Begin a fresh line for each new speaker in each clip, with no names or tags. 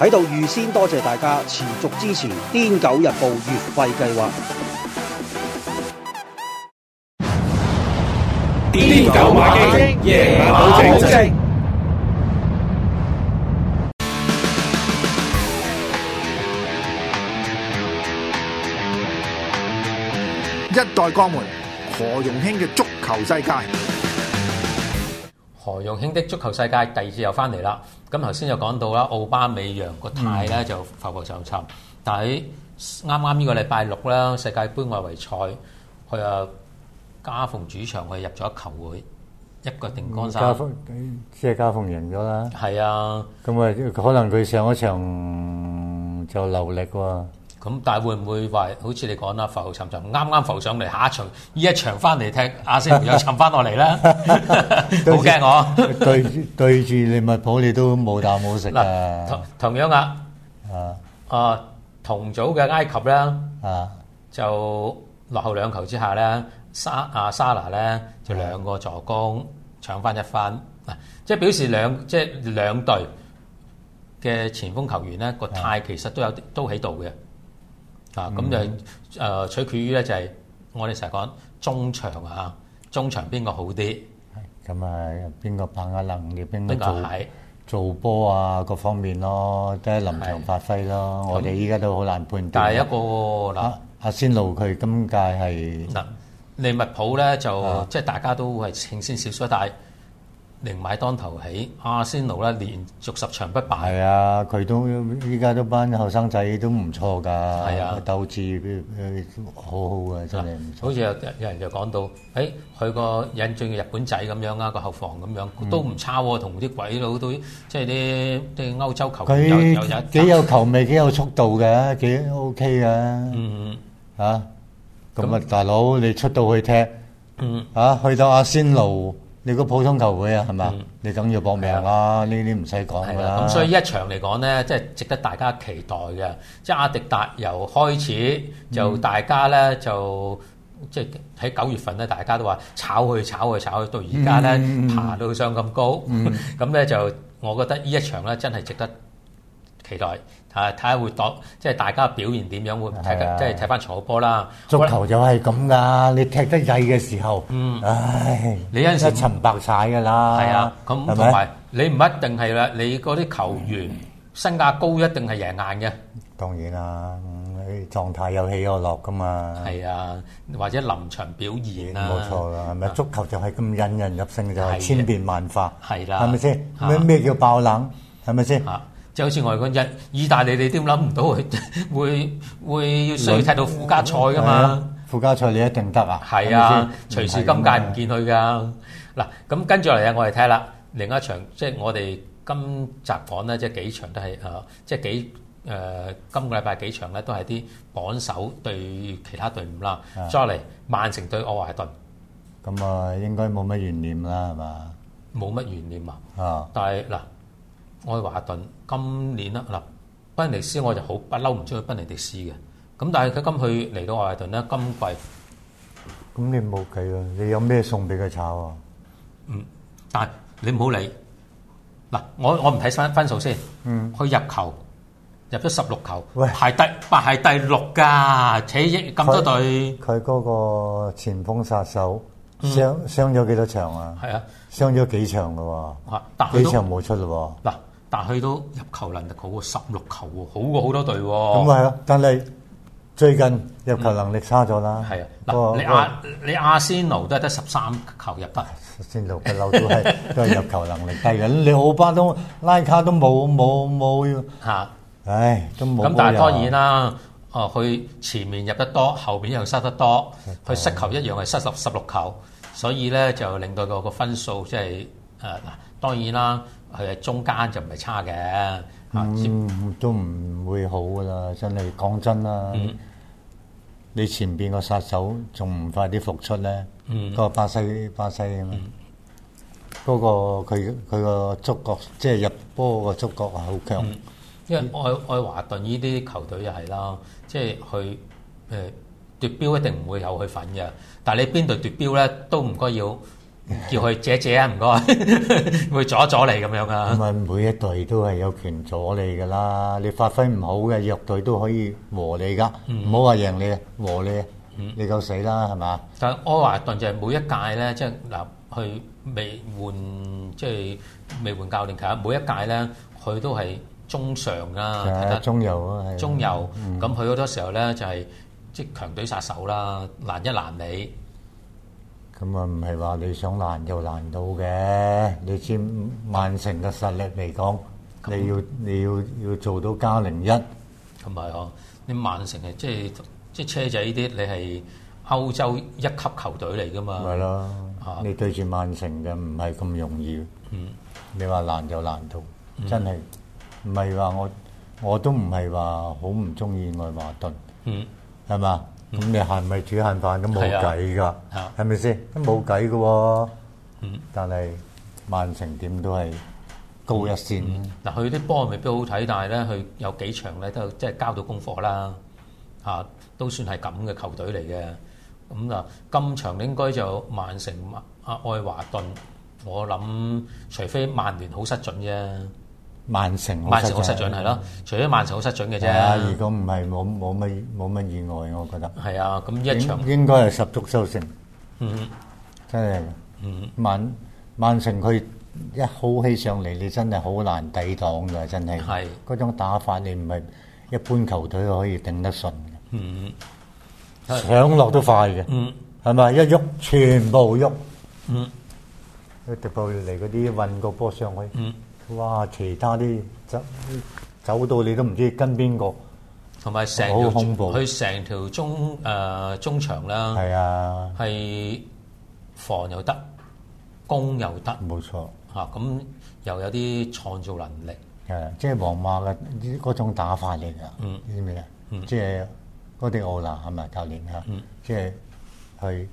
喺度預先多謝大家持續支持《癲狗日報》月費計劃。癲狗馬經，夜 Yeah, 馬保正。
一代鋼門何容興嘅足球世界，
何容興的足球世界，球世界第二次又翻嚟啦。咁頭先就講到啦，奧巴美揚個態咧就浮浮沉沉，嗯、但係喺啱啱呢個禮拜六啦，世界盃外圍賽佢啊加蓬主場佢入咗球會，一個定江山，即係
加蓬贏咗啦。係啊，咁啊可能佢上一場就流力喎。
咁但係會唔會話好似你講啦，浮沉沉，啱啱浮上嚟，下一場依一場翻嚟踢，阿星又沉翻落嚟啦，
好驚害我 對！對對住利物浦，你都冇啖好食啊，啊！同同樣啊，
啊啊同組嘅埃及啦，啊就落後兩球之下咧，沙啊沙拿咧就兩個助攻搶翻一翻，嗱、啊、即係表示兩即係兩隊嘅前鋒球員咧個態其實都有、啊、都喺度嘅。啊，咁就誒取決於咧，就係我哋成日講
中場啊，中場邊個好啲？咁啊，邊個憑阿林業邊個做做波啊？各方面咯，都係臨場發揮咯。我哋依家都好難判斷。但係一個嗱，阿仙奴佢今屆係嗱
利物浦咧，就即係大家都係勝先少少，但係。寧買當頭起，阿仙奴咧連續十場不
敗。係啊，佢都依家都班後生仔都唔錯㗎，鬥志佢佢都好好㗎，真係。好似有
有人就講到，誒，去個引進嘅日本仔咁樣啦，個後防咁樣都唔差喎，同啲鬼佬都即係啲啲歐洲球。佢幾有
球味，幾有速度嘅，幾 OK 嘅。嗯嗯嚇，咁啊，大佬你出到去踢嚇，去到阿仙奴。你個普通球會是、嗯、你啊，係嘛的？你梗要搏命啦，呢啲唔使講啦。咁、嗯、所以呢一
場嚟講咧，即係值得大家期待嘅。即係阿迪達由開始就大家咧就即係喺九月份咧，大家都話炒去炒去炒去，到而家咧爬到上咁高。咁咧、嗯 嗯、就我覺得呢一場咧真係值得。期待啊！睇下會當即係大家表現點樣，會睇即係睇翻賽波啦。
足球就係咁噶，你踢得曳嘅時候，唉，你有陣時一層白曬噶啦。係啊，
咁同埋你唔一定係啦，你嗰啲球員身價高一定係贏硬嘅。當
然啦，狀態有起有落噶嘛。係啊，
或者臨場表
現啊。冇錯啦，咪足球就係咁引人入勝，就係千變萬化。係啦，係咪先咩咩叫爆冷？係咪先？
就好似外國人，意大利你都諗唔到佢會，會，會，會需要踢到附加賽㗎嘛？
附加賽你一定得啊？係啊，
隨時、啊、今屆唔見佢㗎。嗱的，咁跟住嚟啊，我哋睇啦，另一場即係我哋今集講咧，即係幾場都係啊，即係幾誒、呃、今個禮拜幾場咧，都係啲榜首對其他隊伍啦。的再嚟曼城對愛華頓，
咁啊、嗯、應該冇乜懸念啦，係嘛？冇乜懸念啊、哦？
啊！但係嗱。我愛華頓，今年啦嗱，賓尼斯我就好不嬲唔出去賓尼迪斯嘅，咁但係佢今去嚟到愛華頓啦，今季
咁你冇計啦，你有咩送俾佢炒啊？嗯，但係你唔好理
嗱，我我唔睇分分數先，嗯，佢入球入咗十六球，排第排第六噶，且亦咁多隊，
佢嗰個前鋒殺手傷傷咗幾多場啊？係啊，傷咗幾場嘅喎，嚇，幾場冇出咯喎，嗱。但佢都入球能力好喎，十六球喎，好過好多隊喎。咁啊係咯，但係最近入球能力差咗啦。係、嗯、啊，嗱過，你阿
你阿仙奴都係得十三球入得、嗯。阿仙奴不嬲都係都係入球能力低
嘅， 你奧巴都拉卡都冇冇冇要唉，咁冇。咁、哎、但係當然
啦，哦，佢前面入得多，後面又失得多，佢實球 失球一樣係失十十六球，所以咧就令到個個分數即係誒嗱，當然啦。佢中間就唔係差嘅，
咁、嗯嗯、都唔會好噶啦！真係講真啦，嗯、你前邊個殺手仲唔快啲復出咧？嗯、嗰個巴西巴西咁，嗰個佢佢個觸覺，即係、就是、入波個觸覺啊，好強、
嗯！因為愛愛華頓呢啲球隊又係啦，即係佢誒奪標一定唔會有佢份嘅。嗯、但係你邊度奪標咧，都唔該要。叫佢借借啊，唔該，會阻一阻你咁樣噶。唔係，
每一隊都係有權阻你噶啦，你發揮唔好嘅弱隊都可以和你噶，唔好話贏你，和你你夠死啦，係嘛？但
愛華頓就係每一屆咧，即係嗱，佢未換即係未換教練，其實每一屆咧佢都係中上啦，係啊，
中游啊，係中游。咁
佢好多時候咧就係即係強隊殺手啦，難一難你。
咁啊，唔係話你想難就難到嘅，你知曼城嘅實力嚟講、嗯，你要你要要做到加零一，同埋呵，
你、嗯嗯、曼城係，即係即係車仔啲，你係歐洲一級球隊嚟噶嘛，係囉、你
對住曼城嘅唔係咁容易，嗯、你話難就難到，真係唔係話我我都唔係話好唔中意愛華頓，係嘛、嗯？咁你係咪煮限飯都冇計㗎，係咪先都冇計嘅喎？嗯，但係曼城點都係高一線
啦。嗱，佢啲波未必好睇，但係咧，佢有幾場咧都即係交到功課啦。嚇，都算係咁嘅球隊嚟嘅。咁啊，今場應該就曼城啊愛華頓，我諗除非曼聯好失準啫。曼城曼城好失準係咯，除咗曼城好失
準嘅啫。啊，如果唔係冇冇乜冇乜意外，我覺得係啊。咁一場應該係十足收成。嗯哼，真係。嗯，曼曼城佢一好起上嚟，你真係好難抵擋㗎，真係。係。嗰種打法你唔係一般球隊可以頂得順嘅。嗯嗯，上落都快嘅。嗯，係咪一喐全部喐？嗯，去迪布嚟嗰啲運個波上去。嗯。哇！其他啲走走到你都唔知跟邊個，
同埋成條佢成條中誒、呃、中場啦，係啊，係防又得，攻又得，冇錯嚇。咁、啊、又
有啲創造能力，係即係皇馬嘅嗰種打法嚟噶。嗯，知唔知啊？嗯、即係嗰啲奧蘭係咪教練啊？是是嗯、即係佢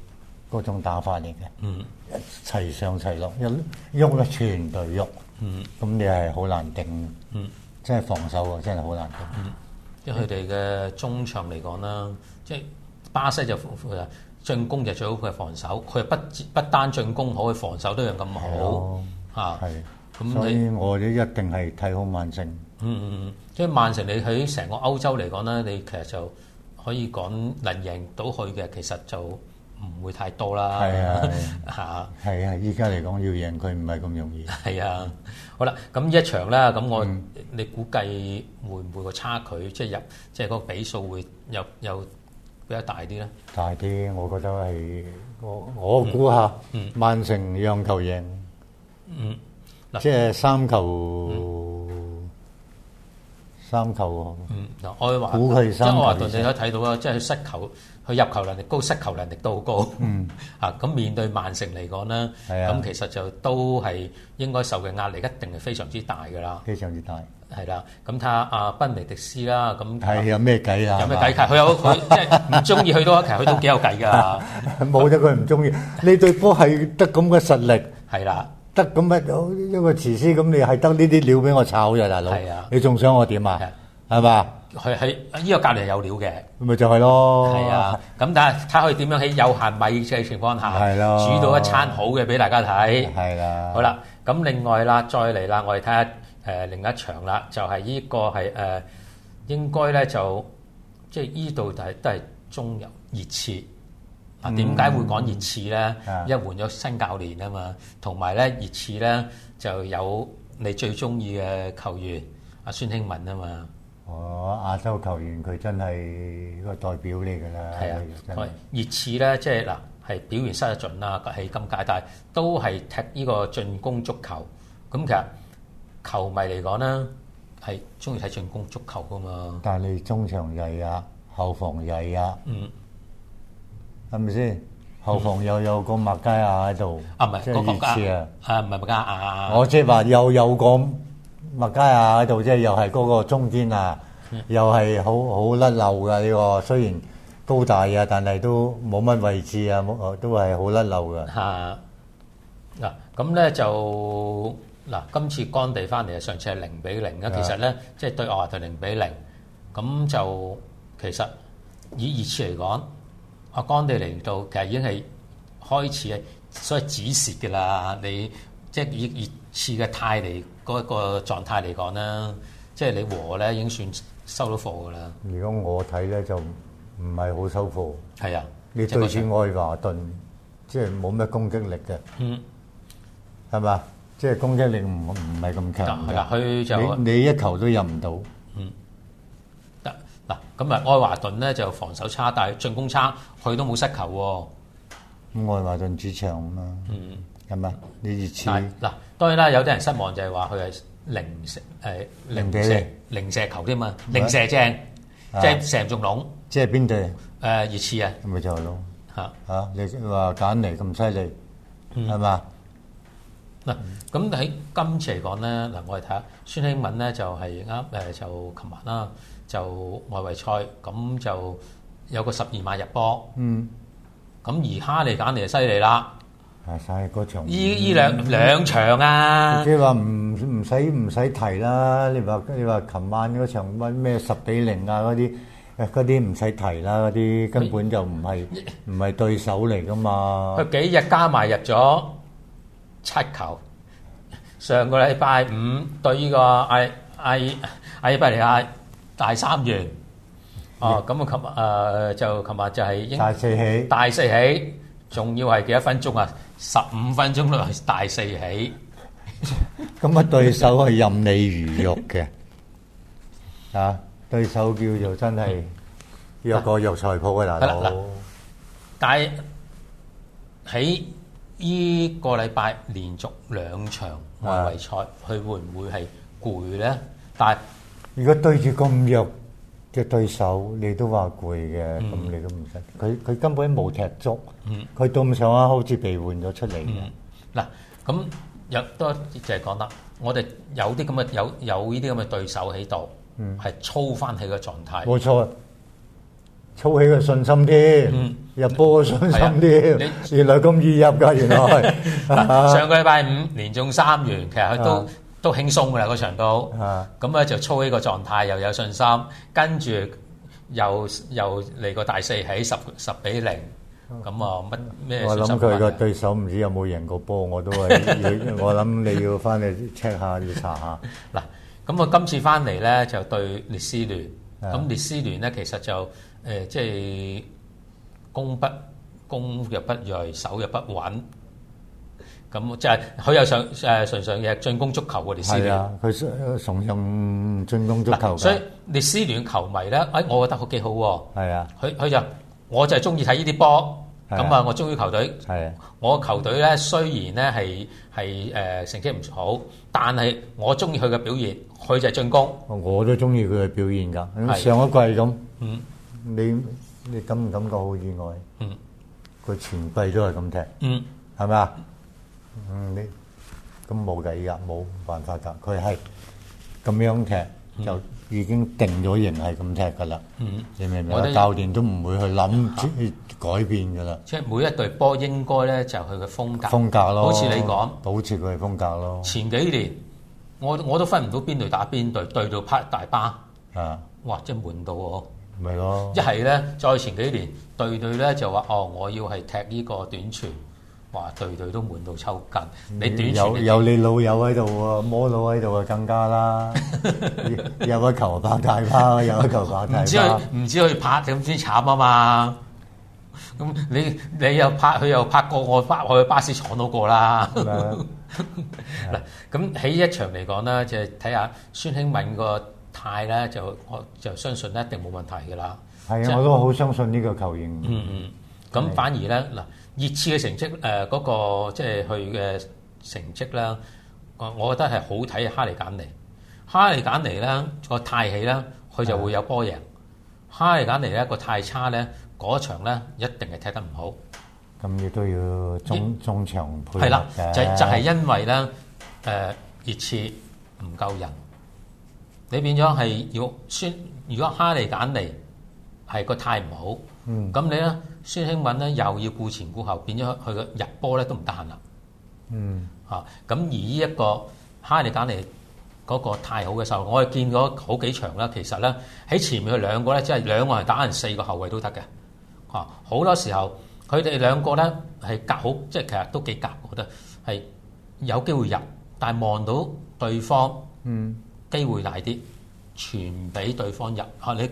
嗰種打法嚟嘅。嗯，齊上齊落，有喐啊，嗯、全隊喐。嗯，咁你係好難定，真真難，嗯，即係防守啊，真係好難定。嗯，即係佢哋
嘅中場嚟講啦，即係巴西就豐進攻就最好嘅防守，佢不不單進攻好，佢防守都有咁好嚇。
咁你所以我哋一定係睇好曼城。嗯
嗯嗯，即係曼城，你喺成個歐洲嚟講咧，你其實就可以講能贏到佢嘅，其實就。唔會太多啦，係啊，嚇，
係啊，依家嚟講要贏佢唔係咁容易。係啊，
好啦，咁呢一場啦，咁我、嗯、你估計會唔會個差距即係、即係、入即係嗰個比數會又又比較大啲咧？
大啲，我覺得係我我估下，曼城讓球贏，嗯，即、嗯、係三球。嗯三球喎，嗯，我話即係我話同你都睇
到啦，即係佢失球，佢入球能力高，失球能力都好高，嗯，啊，咁面對曼城嚟講咧，咁其實就都係應該受嘅壓力一定係非常之大㗎啦，非常之大，係啦，咁睇下阿賓尼迪斯啦，咁睇有咩計啊？有咩計？佢有佢即係唔中意去到，其實佢都幾有計
㗎。冇咗佢唔中意，呢隊波係得咁嘅實力，係啦。得咁乜佬？因為廚師咁，你係得呢啲料俾我炒啫，大佬。係啊，你仲想我點啊？係嘛？係係，
呢個隔離有料嘅，
咪就係咯。係啊，
咁但係睇佢點樣喺有限米嘅情況下，係咯，煮到一餐好嘅俾大家睇。係啦。好啦，咁另外啦，再嚟啦，我哋睇下誒另一場啦，就係呢個係誒應該咧就即係呢度就係都係中游熱刺。嗱，點解會講熱刺咧？因為換咗新教練啊嘛，同埋咧熱刺咧就有你最中意嘅球員阿孫興文啊嘛。
哦，亞洲球員佢真係一個代表嚟㗎啦。係啊，係熱刺咧即係嗱，係
表現失得準啊，係咁解但係都係踢呢個進攻足球。咁其實球迷嚟講咧係中意睇進攻足球㗎嘛。
但係你中場弱啊，後防弱啊。嗯。係咪先？後防又有個麥佳亞喺度，即係熱刺啊！啊，唔係麥佳亞。我即係話又有個麥佳亞喺度，即係又係嗰個中堅啊，又係好好甩漏嘅呢個。雖然高大啊，但係都冇乜位置啊，都係好甩漏嘅。嚇！
嗱，咁咧就嗱，今次乾地翻嚟啊，上次係零比零啊，其實咧即係對外就零比零，咁就其實以熱刺嚟講。阿江地嚟到，其實已經係開始係所謂止蝕㗎啦。你即係以熱刺嘅態嚟嗰個狀態嚟講啦，即係你和咧已經算收到貨嘅啦。
如果我睇咧就唔係好收貨。係啊，你對住愛華頓，嗯、即係冇咩攻擊力嘅。嗯，係咪？即係攻擊力唔唔係咁強。係啊，佢就你你一球都入唔到。嗯。嗱，
咁啊，愛華頓咧就防守差，但係進攻差，佢都冇失球喎。
咁愛華頓主場啦，係嘛？啲熱刺。
嗱，當然啦，有啲人失望就係話佢係零零比零射球添嘛，零射正，即係射
唔中籠。即係邊隊？誒熱刺啊！咪就係咯。嚇嚇，你話簡尼咁犀利，係嘛？
嗱，咁喺今次嚟講咧，嗱，我哋睇下孫興文咧就係啱誒，就琴日啦。就外圍賽，咁就有個十二碼入波。嗯，咁而哈利簡嚟就犀利啦。係，所以依依兩、嗯、兩場啊。即係話唔
唔使唔使提啦。你話你話琴晚嗰場乜咩十比零啊嗰啲，嗰啲唔使提啦。嗰啲根本就唔係唔係對手嚟噶嘛。佢
幾日加埋入咗七球？上個禮拜五對依、這個艾艾阿爾巴尼亞。哎哎哎哎大三元，哦，咁啊，琴，誒，就琴日就係英大四起，大四起，仲要係幾多分鐘啊？十五分鐘都，大四起，
咁啊，對手係任你魚肉嘅，啊，對手叫做真係呢個肉菜鋪嘅大佬。
但係喺呢個禮拜連續兩場外圍賽，佢會唔會係攰咧？但係
如果對住咁弱嘅對手，你都話攰嘅，咁你都唔使。佢佢根本冇踢足，佢到咁上下好似被換咗出嚟。嗱，咁
又都就係講得，我哋有啲咁嘅有有呢啲咁嘅對手喺度，係操翻起個狀態。冇錯，
操起個信心添，入波信心添。原來咁易入㗎，原來。上
個禮拜五連中三元，其實佢都。都輕鬆㗎啦，嗰場都，咁咧就操呢個狀態又有信心，跟住又又嚟個大四喺十十比零，咁啊乜咩？我諗佢個
對手唔知有冇贏過波，我都係，我諗你要翻嚟 check 下要查下。嗱，
咁我今次翻嚟咧就對列斯聯，咁列斯聯咧其實就誒即係攻不攻又不銳，守又不穩。咁即係佢又想誒純粹嘅進攻足球嘅列斯聯，
佢、啊、崇尚進攻足球的。所以
列斯聯球迷咧，誒，我覺得好幾好喎。係啊，佢佢就我就係中意睇呢啲波。
咁啊，我
中意球隊。係、啊。我球隊咧雖然咧係係誒成績唔好，但係我中意佢嘅表現，佢就係進攻。
我都中意佢嘅表現㗎。咁上一季咁、啊，嗯，你你感唔感覺好意外？嗯，佢全季都係咁踢。嗯，係咪啊？嗯，你咁冇計噶，冇辦法噶。佢係咁樣踢，就已經定咗型係咁踢噶啦。你明唔明啊？我哋教練都唔會去諗改變噶啦。
即係每一隊波應該咧就係佢嘅風格。風格咯，好似你講，
保持佢嘅風格咯。前幾年
我我都分唔到邊隊打邊隊，對到泊大巴。係啊，哇！即係悶到我。
咪咯。一
係咧，再前幾年隊隊咧就話哦，我要係踢呢個短傳。哇！隊隊都悶到抽筋你短你，你有有
你老友喺度啊，摸佬喺度啊，更加啦， 有個球拍大炮，有個球拍大炮，唔知唔
知佢拍咁先慘啊嘛！咁你你又拍，佢又拍過我，我去巴士闖到過啦。嗱， 咁喺 一場嚟講咧，就睇下孫興敏個態咧，就我就相信一定冇問題噶啦。係啊，我都好
相信呢個球員、嗯。嗯嗯，咁反而
咧嗱。熱刺嘅成績，誒、呃、嗰、那個即係佢嘅成績啦，我覺得係好睇哈利簡尼。哈利簡尼咧個態起咧，佢就會有波贏。的哈利簡尼咧個態差咧，嗰場咧一定係踢得唔好。
咁亦都要中中場配。係啦，就是、就係、是、因
為咧誒、呃、熱刺唔夠人，你變咗係要，如果哈利簡尼係個態唔好。咁、嗯、你咧孫興慜咧又要顧前顧後，變咗佢嘅入波咧都唔得閒啦。嗯，咁、啊、而呢一個哈利簡尼嗰個太好嘅時候，我係見咗好幾場啦。其實咧喺前面兩個咧，即係兩個人打人，四個後衛都得嘅。好、啊、多時候佢哋兩個咧係夾好，即係其實都幾夾，我覺得係有機會入，但係望到對方機會大啲。嗯傳俾對方入嚇，你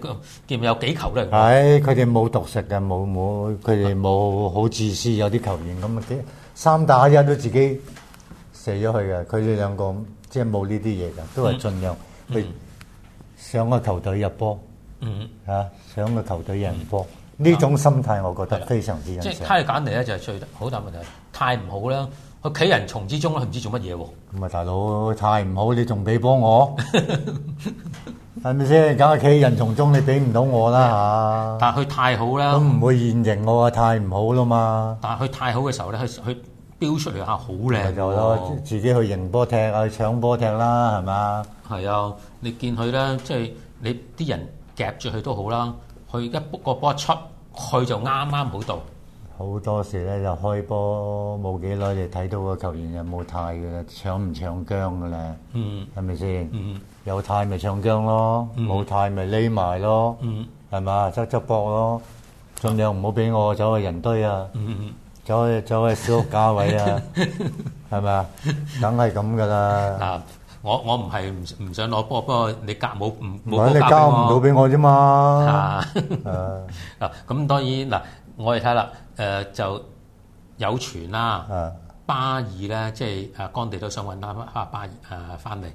見有幾球咧？唉，
佢哋冇毒食嘅，冇冇佢哋冇好自私，有啲球員咁三打一都自己射咗去嘅，佢哋兩個即係冇呢啲嘢嘅，都係盡量去、嗯嗯、上個球隊入波，嗯嗯、上個球隊贏波呢種心態，我覺得非常之、嗯、即係睇嚟
簡嚟咧，就係最好大問題太唔好啦。企人從之中啦，唔知做乜嘢喎。
咁啊，大佬太唔好，你仲俾幫我，係咪先？梗係企人從中，你俾唔到我啦嚇。 但係佢太好咧，都唔會現形喎。太唔好啦嘛。但係佢太好
嘅時候咧，佢佢飈出嚟嚇好靚。就咯，自
己去迎波踢啊，去搶波踢啦，係嘛？
係啊，你見佢咧，即係你啲人夾住佢都好啦。佢一撥個波出，佢就啱啱好到。
好多時咧就開波冇幾耐你睇到個球員就冇態嘅啦，搶唔搶姜嘅啦？係咪先？有態咪搶姜咯，冇態咪匿埋咯，係咪？側側膊咯，咁你又唔好俾我走去人堆啊，走去走去小屋家位啊，係咪啊？梗係咁㗎啦。嗱，
我我唔係唔唔想攞波，不過你交冇唔唔交唔到
俾我啫嘛。
嗱咁當然嗱，我哋睇啦。誒、呃、就有傳啦，啊、巴爾咧，即係阿干地都想揾阿阿巴爾誒翻嚟。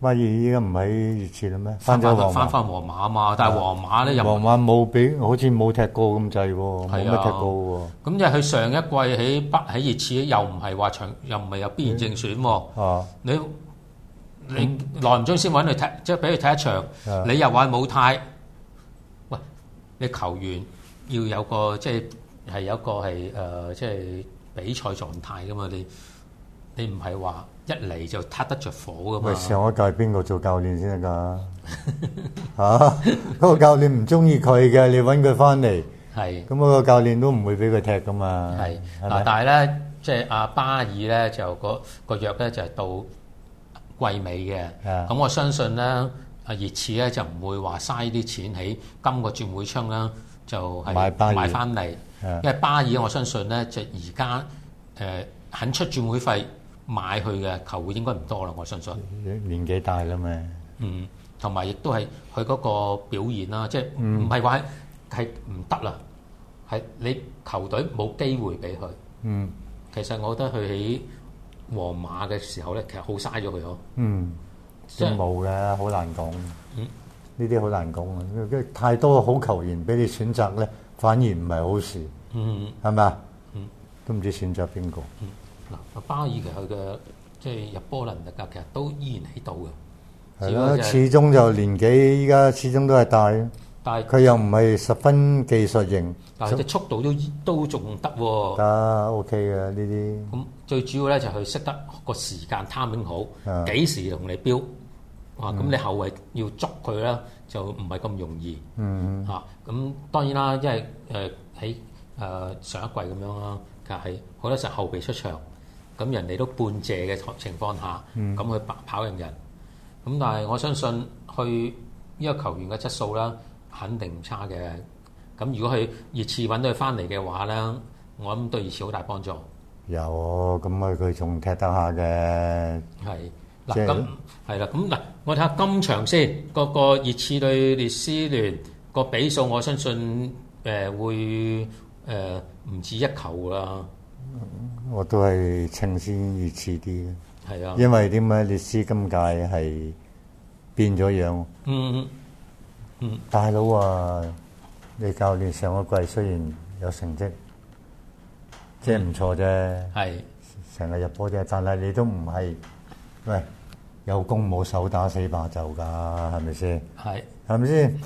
巴爾依家唔喺熱刺咧咩？翻翻翻翻皇
馬啊嘛！啊但係皇馬咧，又皇
馬冇俾，好似冇踢過咁滯喎，冇乜、啊、踢過喎。
咁即係佢上一季喺北喺熱刺，又唔係話長，又唔係有必然正選喎、啊啊。你、嗯、你耐唔中先揾佢踢，即係俾佢踢一場，啊、你又話冇太。喂，你球員要有個即係。係有一個係誒、呃，即係比賽狀態噶嘛？你你唔係話一嚟就撻得着火
噶嘛？上一屆邊個做教練先得㗎？嚇、 啊！嗰、那個教練唔中意佢嘅，你揾佢翻嚟，係咁嗰個教練都唔會俾佢踢噶嘛。係啊是，是吧，但
係咧，即係阿巴爾咧，就個個約咧就係、是、到季尾嘅。咁的我相信咧，熱刺咧就唔會話嘥啲錢喺今個轉會窗啦，就係、是、買翻嚟。因為巴爾，我相信咧、嗯、就而家誒肯出轉會費買佢嘅球會應該唔多啦，我相信。年
紀大啦嘛。
嗯，同埋亦都係佢嗰個表現啦，即係唔係話係唔得啦，係、嗯、你球隊冇機會俾佢。嗯。其實我覺得佢喺皇馬嘅時候咧，其實好嘥咗佢囉。嗯。即
冇啦，好難講。嗯。呢啲好難講啊！因為太多好球員俾你選擇咧。反而唔係好事，係咪啊？吧嗯、都唔知選擇邊個。
嗱、嗯，巴爾其佢嘅即係入波能力啊，其實都依然喺度嘅。係啊的，就是、始終就
年紀依家始終都係大。但係是佢又唔係十分技術型，但係佢
速度都都仲得喎。得
OK 嘅呢啲。咁
最主要咧就佢識得個時間 timing 好，幾的時同你飆？哇、嗯！咁你後衞要捉佢啦。就唔係咁容易嚇，咁、嗯啊、當然啦，因為誒喺誒上一季咁樣啦，其實係好多時候後備出場，咁人哋都半謝嘅情況下，咁去跑跑人，咁但係我相信佢呢個球員嘅質素啦，肯定唔差嘅。咁如果佢熱刺揾到佢翻嚟嘅話咧，我諗對熱刺好大
幫助。有，咁啊佢仲踢得下嘅。係。嗱咁
係啦，咁嗱，我睇下今場先，個個熱刺對列斯聯個比數，我相信誒、呃、會誒唔、呃、止一球啊！
我都係撐先熱刺啲，係啊的，因為點解列斯今屆係變咗樣？嗯嗯嗯，嗯大佬啊，你教練上個季雖然有成績，即係唔錯啫，係成日入波啫，但係你都唔係。喂，有攻冇手打死把就噶，係咪先？係，係咪先？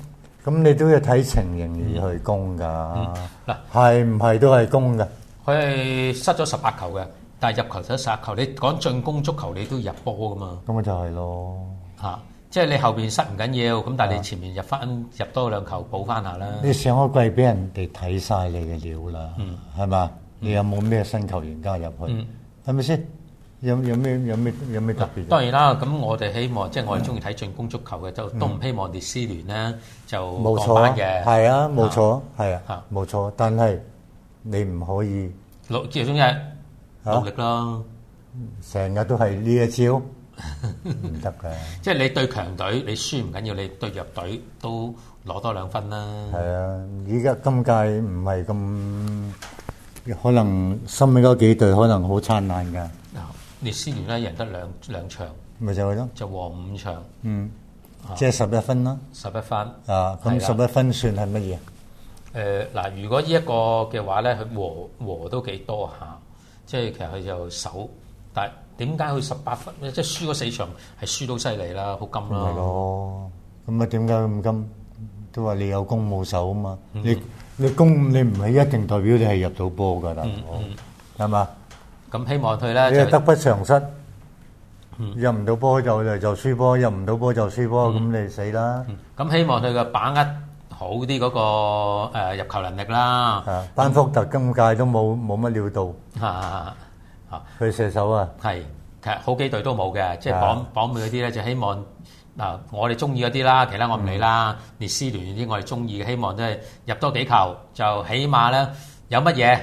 咁你都要睇情形而去攻噶。嗱，係唔係都係攻噶？
佢失咗十八球嘅，但係入球得十球。你講進攻足球，你都入波噶嘛？
咁咪就係咯。嚇！
即係你後邊失唔緊要，咁但係你前面入翻入多兩球補
翻下啦。你上個季俾人哋睇晒你嘅料啦，係嘛？你有冇咩新球員加入去？係咪先？有有咩有咩有咩特別？當然啦，咁
我哋希望即係我哋中意睇進攻足球嘅，就都唔希望列斯聯咧就降班
嘅。係啊，冇錯，係啊，冇錯。但係你唔可以老朝早日努力咯，成日都係呢一招唔得㗎。
即係你對強隊你輸唔緊要，你對弱隊都攞多兩分啦。
係啊，依家今屆唔係咁可能，新兵嗰幾隊可能好燦爛㗎。
列斯聯咧贏得兩兩場，
咪就係咯，就和
五場，
嗯，即係十一分啦，
十一分啊，咁十一
分算係乜嘢？
誒嗱，如果呢一個嘅話咧，佢和和都幾多下，即係其實佢就守，但係點解佢十八分咧？即係輸嗰四場係輸到犀利啦，好金啦，係咯。
咁啊點解咁金？都話你有攻冇守啊嘛？你你攻你唔係一定代表你係入到波噶啦，係嘛？
咁希望佢咧，即係得
不償失，入唔到波就嚟就輸波，入唔到波就輸波，咁你死啦！
咁希望佢嘅把握好啲嗰個誒入球能力啦。啊，
班福特今屆都冇冇乜料到啊啊！佢射手啊，係
其實好幾隊都冇嘅，即係榜榜尾嗰啲咧就希望嗱，我哋中意嗰啲啦，其他我唔理啦。列斯聯啲我哋中意嘅，希望都係入多幾球，就起碼咧有乜嘢。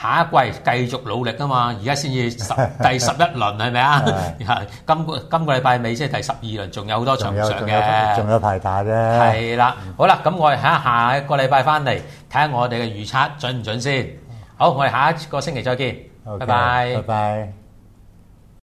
下一季繼續努力㗎嘛，而家先至十第十一輪係咪啊？今個今個禮拜尾即係第十二輪，仲有好多場唔上嘅有，仲
有，有排打啫。係
啦，好啦，咁我哋下一個禮拜翻嚟睇下我哋嘅預測準唔準先。好，我哋下一個星期再見。Okay, 拜拜。拜拜。